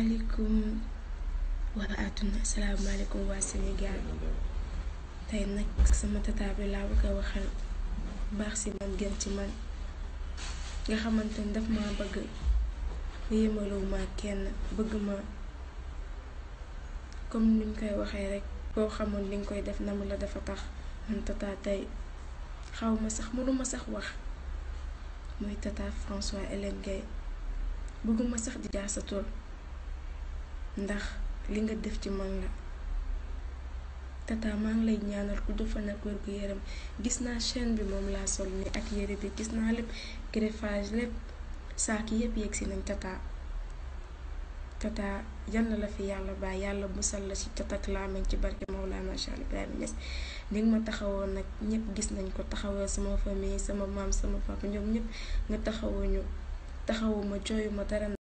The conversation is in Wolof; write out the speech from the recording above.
maaleykum waa àdduna asalaamaaleykum waa Sénégal tey nag sama tata bi laa bëgg a waxal baax si man gën ci man nga xamante ni daf maa bëgg yéemaloo ma kenn bëgg ma comme niñ koy waxee rek boo xamoon li nga koy def nam la dafa tax man tata tey xaw ma sax mënuma sax wax muy tata François Hélène bëgguma sax di jaar sa tur ndax li nga def ci man la tata maa ngi lay ñaanal ku defal nag wér gu yaram gis naa chaîne bi moom laa sol ni ak yére bi gis naa lépp greffage lépp saak yépp yegg si nañ tata tata yal na la fi yàlla bàyyi yàlla musal la ci cat ak làmmiñ ci barke Mawlana Cheikh Ibrahima Niass ni nga ma taxawoon nag ñëpp gis nañ ko taxawal sama famille sama maam sama papa ñoom ñëpp nga taxawuñu taxawuma jooyuma dara